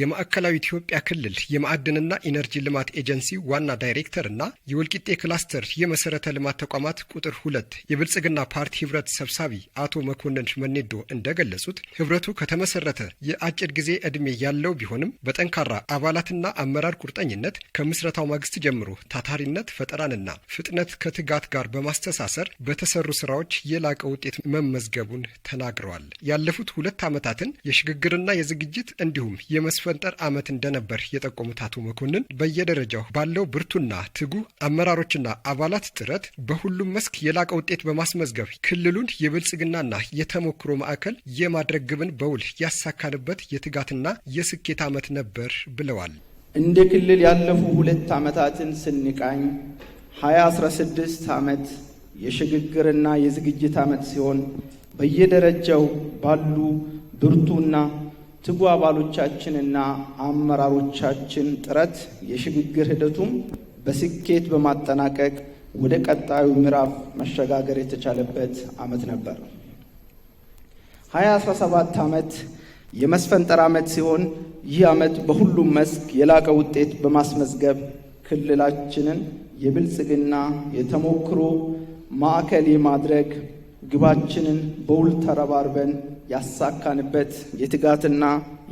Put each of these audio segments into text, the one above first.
የማዕከላዊ ኢትዮጵያ ክልል የማዕድንና ኢነርጂ ልማት ኤጀንሲ ዋና ዳይሬክተር እና የወልቂጤ ክላስተር የመሰረተ ልማት ተቋማት ቁጥር ሁለት የብልጽግና ፓርቲ ህብረት ሰብሳቢ አቶ መኮንን መኔዶ እንደገለጹት ህብረቱ ከተመሰረተ የአጭር ጊዜ ዕድሜ ያለው ቢሆንም በጠንካራ አባላትና አመራር ቁርጠኝነት ከምስረታው ማግስት ጀምሮ ታታሪነት፣ ፈጠራንና ፍጥነት ከትጋት ጋር በማስተሳሰር በተሰሩ ስራዎች የላቀ ውጤት መመዝገቡን ተናግረዋል። ያለፉት ሁለት ዓመታትን የሽግግርና የዝግጅት እንዲሁም መስፈንጠር ዓመት እንደነበር የጠቆሙት አቶ መኮንን በየደረጃው ባለው ብርቱና ትጉ አመራሮችና አባላት ጥረት በሁሉም መስክ የላቀ ውጤት በማስመዝገብ ክልሉን የብልጽግናና የተሞክሮ ማዕከል የማድረግ ግብን በውል ያሳካንበት የትጋትና የስኬት ዓመት ነበር ብለዋል። እንደ ክልል ያለፉ ሁለት ዓመታትን ስንቃኝ 2016 ዓመት የሽግግርና የዝግጅት ዓመት ሲሆን በየደረጃው ባሉ ብርቱና ትጉ አባሎቻችንና አመራሮቻችን ጥረት የሽግግር ሂደቱም በስኬት በማጠናቀቅ ወደ ቀጣዩ ምዕራፍ መሸጋገር የተቻለበት ዓመት ነበር። 2017 ዓመት የመስፈንጠር ዓመት ሲሆን ይህ ዓመት በሁሉም መስክ የላቀ ውጤት በማስመዝገብ ክልላችንን የብልጽግና የተሞክሮ ማዕከል የማድረግ ግባችንን በውል ተረባርበን ያሳካንበት የትጋትና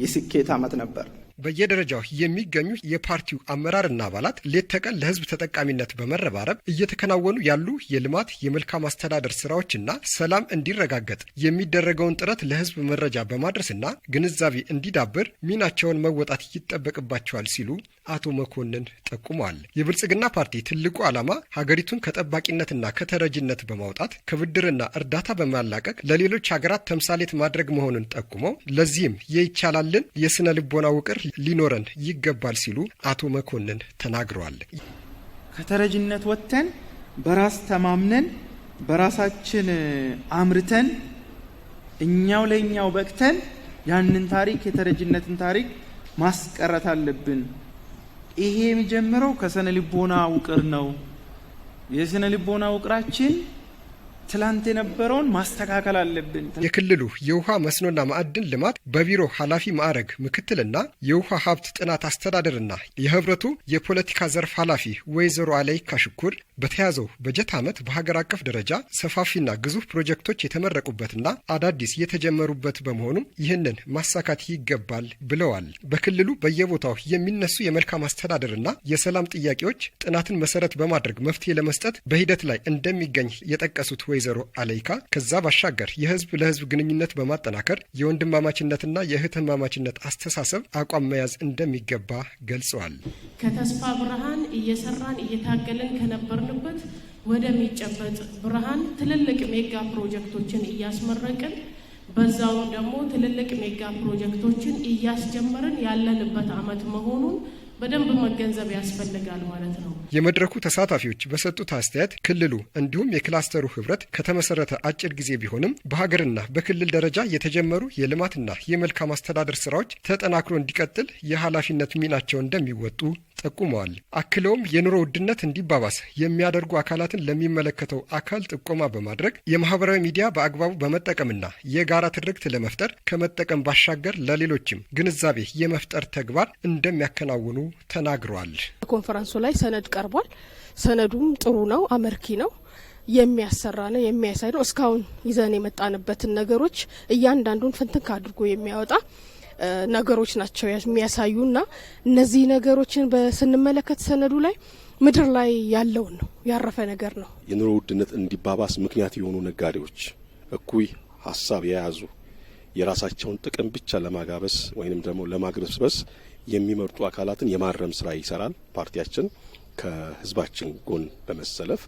የስኬት ዓመት ነበር። በየደረጃው የሚገኙ የፓርቲው አመራርና አባላት ሌት ተቀን ለህዝብ ተጠቃሚነት በመረባረብ እየተከናወኑ ያሉ የልማት የመልካም አስተዳደር ስራዎችና ሰላም እንዲረጋገጥ የሚደረገውን ጥረት ለህዝብ መረጃ በማድረስና ግንዛቤ እንዲዳብር ሚናቸውን መወጣት ይጠበቅባቸዋል ሲሉ አቶ መኮንን ጠቁመዋል። የብልጽግና ፓርቲ ትልቁ ዓላማ ሀገሪቱን ከጠባቂነትና ከተረጅነት በማውጣት ከብድርና እርዳታ በማላቀቅ ለሌሎች ሀገራት ተምሳሌት ማድረግ መሆኑን ጠቁመው ለዚህም የይቻላልን የስነ ልቦና ውቅር ሊኖረን ይገባል ሲሉ አቶ መኮንን ተናግረዋል። ከተረጅነት ወጥተን በራስ ተማምነን በራሳችን አምርተን እኛው ለእኛው በቅተን ያንን ታሪክ የተረጅነትን ታሪክ ማስቀረት አለብን። ይሄ የሚጀምረው ከስነ ልቦና ውቅር ነው። የስነ ልቦና ውቅራችን ትላንት የነበረውን ማስተካከል አለብን። የክልሉ የውሃ መስኖና ማዕድን ልማት በቢሮ ኃላፊ ማዕረግ ምክትልና የውሃ ሀብት ጥናት አስተዳደርና የህብረቱ የፖለቲካ ዘርፍ ኃላፊ ወይዘሮ አለይካ ሽኩር በተያዘው በጀት ዓመት በሀገር አቀፍ ደረጃ ሰፋፊና ግዙፍ ፕሮጀክቶች የተመረቁበትና አዳዲስ የተጀመሩበት በመሆኑም ይህንን ማሳካት ይገባል ብለዋል። በክልሉ በየቦታው የሚነሱ የመልካም አስተዳደርና የሰላም ጥያቄዎች ጥናትን መሰረት በማድረግ መፍትሄ ለመስጠት በሂደት ላይ እንደሚገኝ የጠቀሱት ወይዘሮ አለይካ ከዛ ባሻገር የህዝብ ለህዝብ ግንኙነት በማጠናከር የወንድማማችነትና የእህትማማችነት አስተሳሰብ አቋም መያዝ እንደሚገባ ገልጸዋል። ከተስፋ ብርሃን እየሰራን እየታገልን ከነበርንበት ወደሚጨበጥ ብርሃን ትልልቅ ሜጋ ፕሮጀክቶችን እያስመረቅን በዛውም ደግሞ ትልልቅ ሜጋ ፕሮጀክቶችን እያስጀመርን ያለንበት አመት መሆኑን በደንብ መገንዘብ ያስፈልጋል ማለት ነው። የመድረኩ ተሳታፊዎች በሰጡት አስተያየት ክልሉ እንዲሁም የክላስተሩ ህብረት ከተመሰረተ አጭር ጊዜ ቢሆንም በሀገርና በክልል ደረጃ የተጀመሩ የልማትና የመልካም አስተዳደር ስራዎች ተጠናክሮ እንዲቀጥል የኃላፊነት ሚናቸው እንደሚወጡ ጠቁመዋል። አክለውም የኑሮ ውድነት እንዲባባስ የሚያደርጉ አካላትን ለሚመለከተው አካል ጥቆማ በማድረግ የማህበራዊ ሚዲያ በአግባቡ በመጠቀምና የጋራ ትርክት ለመፍጠር ከመጠቀም ባሻገር ለሌሎችም ግንዛቤ የመፍጠር ተግባር እንደሚያከናውኑ ተናግሯል። በኮንፈረንሱ ላይ ሰነድ ቀርቧል። ሰነዱም ጥሩ ነው፣ አመርኪ ነው የሚያሰራ ነው፣ የሚያሳይ ነው። እስካሁን ይዘን የመጣንበትን ነገሮች እያንዳንዱን ፍንትንክ አድርጎ የሚያወጣ ነገሮች ናቸው የሚያሳዩና እነዚህ ነገሮችን ስንመለከት ሰነዱ ላይ ምድር ላይ ያለውን ነው ያረፈ ነገር ነው። የኑሮ ውድነት እንዲባባስ ምክንያት የሆኑ ነጋዴዎች እኩይ ሀሳብ የያዙ የራሳቸውን ጥቅም ብቻ ለማጋበስ ወይንም ደግሞ ለማግበስበስ የሚመርጡ አካላትን የማረም ስራ ይሰራል። ፓርቲያችን ከህዝባችን ጎን በመሰለፍ